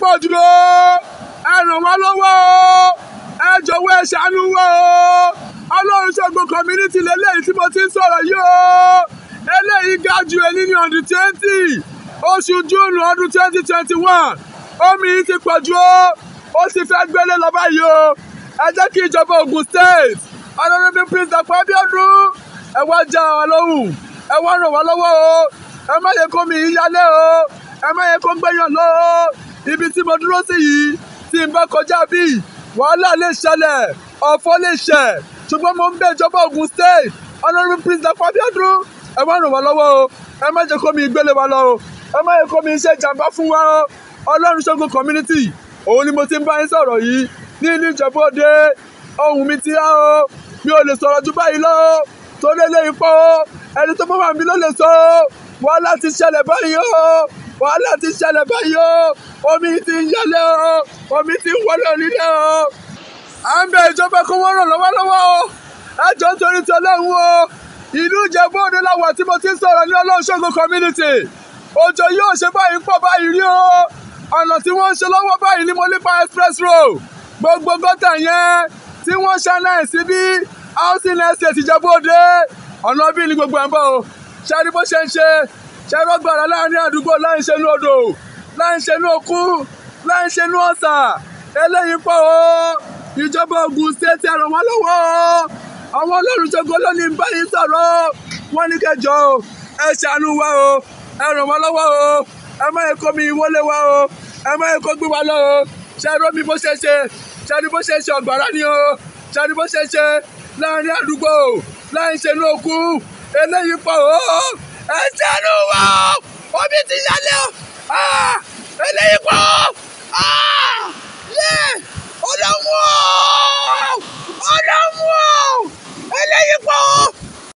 pọ̀ jù lọ ẹ ràn wá lọ́wọ́ ẹ jọ̀wọ́ ẹ ṣàánú wá ọlọ́run ṣògo community lélẹ́yìí tí mo ti ń sọ̀rọ̀ yìí o eléyìí ga jù èyí ní ọdún twenty oṣù júùnù ọdún twenty twenty one omi yìí ti pọ̀ jù o ó sì fẹ́ gbélé lọ báyìí o ẹ jẹ́ kí ìjọba Ògùn state honourable prince Dàpọ̀ Abíọ́dún ẹ wá já wa lóhùn ẹ wá ràn wá lọ́wọ́ o ẹ má yẹ kó mi yálé o ẹ má yẹ kó gbẹ̀yàn lọ́wọ́ ibi tí mo dúró sí yìí tí n bá kọjá bíi wàhálà lè ṣẹlẹ̀ ọ̀fọ̀ lè ṣẹ̀ ṣùgbọ́n mo ń bẹ̀ ìjọba Ògùn state Honourable Prince Dapò Abiodun ẹ má ràn wá lọ́wọ́ o ẹ má jẹ́ kó mi gbélé wa lọ o ẹ má jẹ́ kó mi iṣẹ́ ìjàmbá fún wa o Ọlọ́run Ṣógun community òun ni mo ti ń bá yín sọ̀rọ̀ yìí ní ìlú Ìjẹ̀bú Òde ohun mi ti há o mi ò lè sọ̀rọ̀ ju báyìí lọ o tó lé lé o ẹni tó bá wà ló lè sọ o wàhálà ti ṣẹlẹ̀ báyìí o wàhálà ti ṣẹlẹ̀ báyìí o omi ti ń yọlẹ̀ o omi ti ń wọlé onílẹ̀ o à ń bẹ ìjọba kó wọ́n ràn lọ́wọ́lọ́wọ́ o ẹjọ́ nítorí ti ọlọ́run o ìlú ìjẹ́bú-òde tí mo ti ń sọ̀rọ̀ ní ọlọ́run ṣògo community òjò yóò ṣe báyìí ń pọ̀ báyìí rí o ọ̀nà tí wọ́n ń ṣe lọ́wọ́ báyìí ní molipa express road gbogbo gọ́tà yẹn tí wọ́n ṣáláì sí bí housing estate ìjẹ́bú-òde ọ̀nà bíi ní gbogbo ẹ̀ ń bọ̀ o ṣe é ní bó ṣe ń ṣe ṣẹ́rọ́gbàrà láàrin àdúgbò láì ṣe ní odò láì ṣe ní okun láì ṣe ní ọ̀sà eléyìí pọ̀ o ìjọba Ògùn state ẹ̀rọ wọn lọ́wọ́ àwọn ọlọ́run lónìí ń báyìí sọ̀rọ̀ wa o ẹ ràn wa o ẹ má wa lọ o bó ṣe ṣe bó ṣe ṣe ni o bó ṣe ẹ ṣàánú wa omi ti yálẹ̀ ah, eléyìí pọ̀.